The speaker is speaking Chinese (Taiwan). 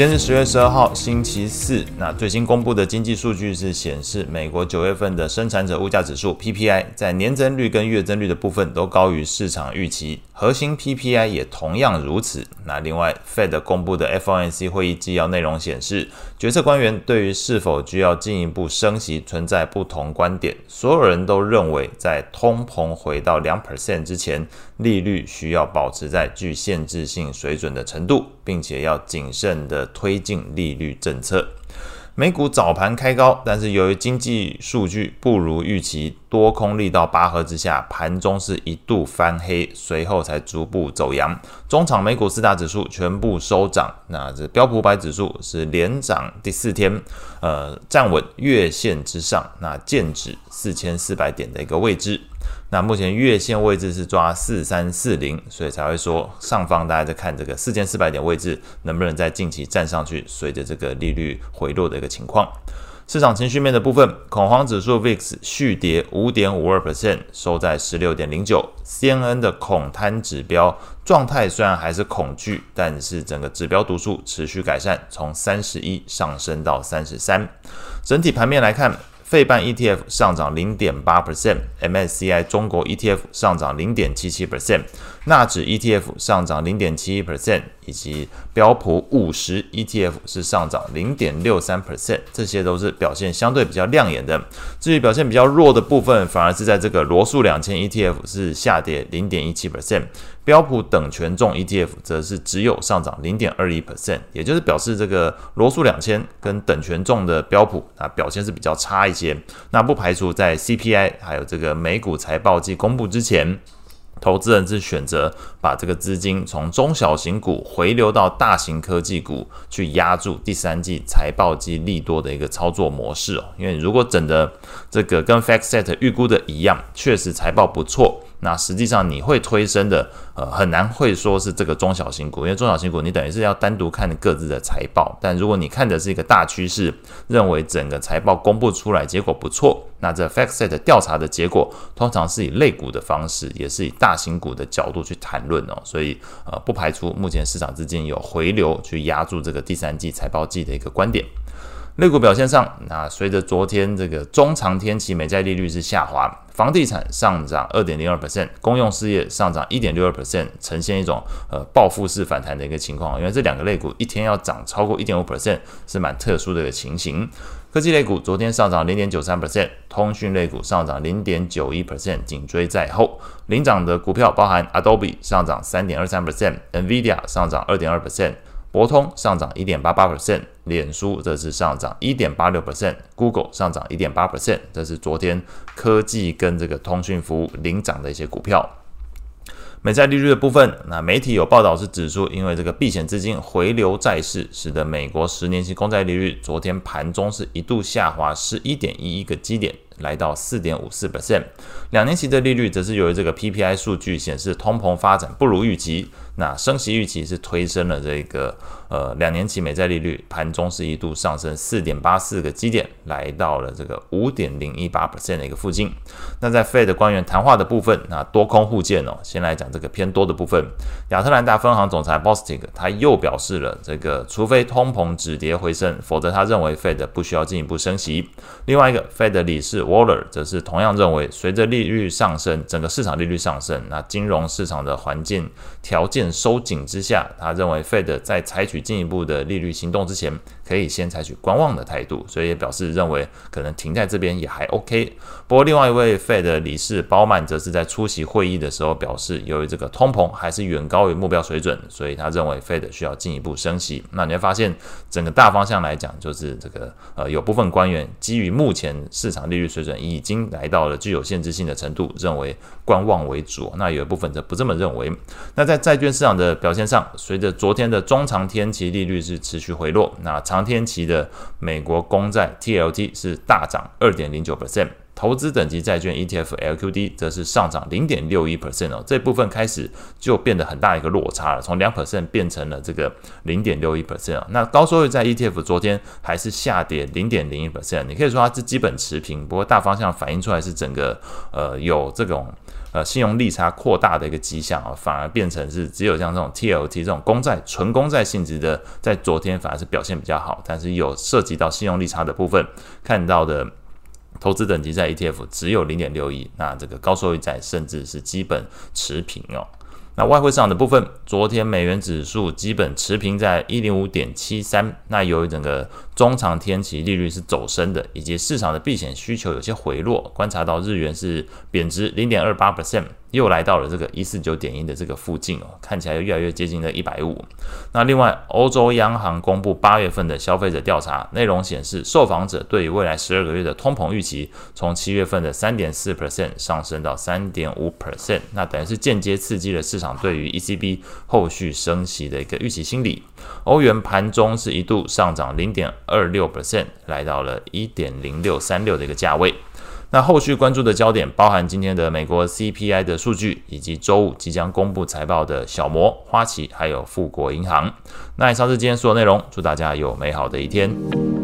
今天是十月十二號星期四，那最新公布的經濟數據是顯示，美國九月份的生產者物價指數 （PPI） 在年增率跟月增率的部分都高於市場預期。核心 PPI 也同樣如此。那另外，Fed 公布的 FOMC 會議紀要內容顯示，決策官員對於是否需要進一步升息存在不同觀點。所有人都認為，在通膨回到兩 percent 之前，利率需要保持在具限制性水準的程度，並且要謹慎地推進利率政策。美股早盤開高，但是由於經濟數據不如預期。多空力道拔河之下，盤中是一度翻黑，隨後才逐步走揚。終場美股四大指數全部收漲，那這標普五百指數是連漲第四天，呃，站穩月線之上，那劍指四千四百點的一個位置。那目前月線位置是抓四三四零，所以才會說上方大家在看這個四千四百點位置能不能在近期站上去，隨着這個利率回落的一個情況。市場情緒面的部分，恐慌指數 VIX 續跌五點五二%，收在十六點零九。C N N 的恐貪指標狀態雖然還是恐懼，但是整個指標讀數持續改善，從三十一上升到三十三。整體盤面來看，費半 E T F 上漲零點八 %，M S C I 中國 E T F 上漲零點七七%。納指 ETF 上漲0.71%，以及標普 50ETF 是上漲0.63%，這些都是表現相對比較亮眼的。至於表現比較弱的部分，反而是在這個羅素 2000ETF 是下跌0.17%，標普等權重 ETF 則是只有上漲0.21%，也就是表示這個羅素2000跟等權重的標普啊，表現是比較差一些。那不排除在 CPI 還有這個美股財報季公布之前。投資人是選擇把這個資金從中小型股回流到大型科技股，去押注第三季財報季利多的一個操作模式哦，因為如果整的這個跟 FactSet 預估的一樣，確實財報不錯。那實際上你會推升的，呃，很難會說是這個中小型股，因為中小型股你等於是要單獨看各自的財報。但如果你看的是一個大趨勢，認為整個財報公布出來結果不錯，那這 FactSet 調查的結果通常是以類股的方式，也是以大型股的角度去談論哦。所以，呃，不排除目前市場資金有回流去押注這個第三季財報季的一個觀點。類股表現上，那隨着昨天這個中長天期美債利率是下滑，房地產上漲二點零二百分，公用事業上漲一點六二百分，呈現一種呃報復式反彈的一個情況，因為這兩個類股一天要漲超過一點五百分是蠻特殊的一個情形。科技類股昨天上漲零點九三百分，通訊類股上漲零點九一百分，緊追在後。領漲的股票包含 Adobe 上漲三點二三百分，NVIDIA 上漲二點二百分，博通上漲一點八八百分臉書這次上漲一點八六 percent Google 上漲一點八 percent 這是昨天科技跟這個通訊服務領漲的一些股票。美債利率的部分，那媒體有報道是指出，因為這個避險資金回流債市，使得美國十年期公債利率昨天盤中是一度下滑十一點一一個基點。來到四點五四 percent，兩年期的利率則是由於這個 PPI 數據顯示通膨發展不如預期，那升息預期是推升了這個呃兩年期美債利率，盤中是一度上升四點八四個基點，來到了這個五點零一八 percent 的一個附近。那在 Fed 官員談話的部分，那多空互見哦，先來講這個偏多的部分，亞特蘭大分行總裁 Bostic 他又表示了這個，除非通膨止跌回升，否則他認為 Fed 不需要進一步升息。另外一個 Fed 理事。沃勒則是同樣認為，隨着利率上升，整個市場利率上升，那金融市場的環境條件收緊之下，他認為費德在採取進一步的利率行動之前，可以先採取觀望的態度，所以也表示認為可能停在這邊也還 OK。不過，另外一位費德理事鮑曼則是在出席會議的時候表示，由於這個通膨還是遠高於目標水準，所以他認為費德需要進一步升息。那你會發現，整個大方向來講，就是這個呃，有部分官員基於目前市場利率。水準已經來到了具有限制性的程度，認為觀望為主。那有一部分則不這麼認為。那在債券市場的表現上，隨着昨天的中長天期利率是持續回落，那長天期的美國公債 TLT 是大漲二點零九 percent。投資等級債券 ETF LQD 則是上漲零點六一 percent 哦，這部分開始就變得很大一個落差了，從兩 percent 變成了這個零點六一 percent，那高收益在 ETF 昨天還是下跌零點零一 percent，你可以說它是基本持平，不過大方向反映出來是整個呃有這種呃信用利差擴大的一個跡象啊，反而變成是只有像這種 TLT 這種公債純公債性質的，在昨天反而是表現比較好，但是有涉及到信用利差的部分看到的。投資等級債 ETF 只有零點六一，那這個高收益債甚至是基本持平哦。那外匯市場的部分，昨天美元指數基本持平在一零五點七三。那由於整個中長天期利率是走升的，以及市場的避險需求有些回落，觀察到日元是貶值零點二八 percent。又來到了這個一四九點一的這個附近哦，看起來又越來越接近了一百五。那另外，歐洲央行公布八月份的消費者調查，內容顯示，受訪者對於未來十二個月的通膨預期，從七月份的三點四 percent 上升到三點五 percent，那等於是間接刺激了市場對於 ECB 後續升息的一個預期心理。歐元盤中是一度上漲零點二六 percent，來到了一點零六三六的一個價位。那後續關注的焦點包含今天的美國 CPI 的數據，以及周五即將公布財報的小摩、花旗，還有富國銀行。那以上是今天所有內容，祝大家有美好的一天。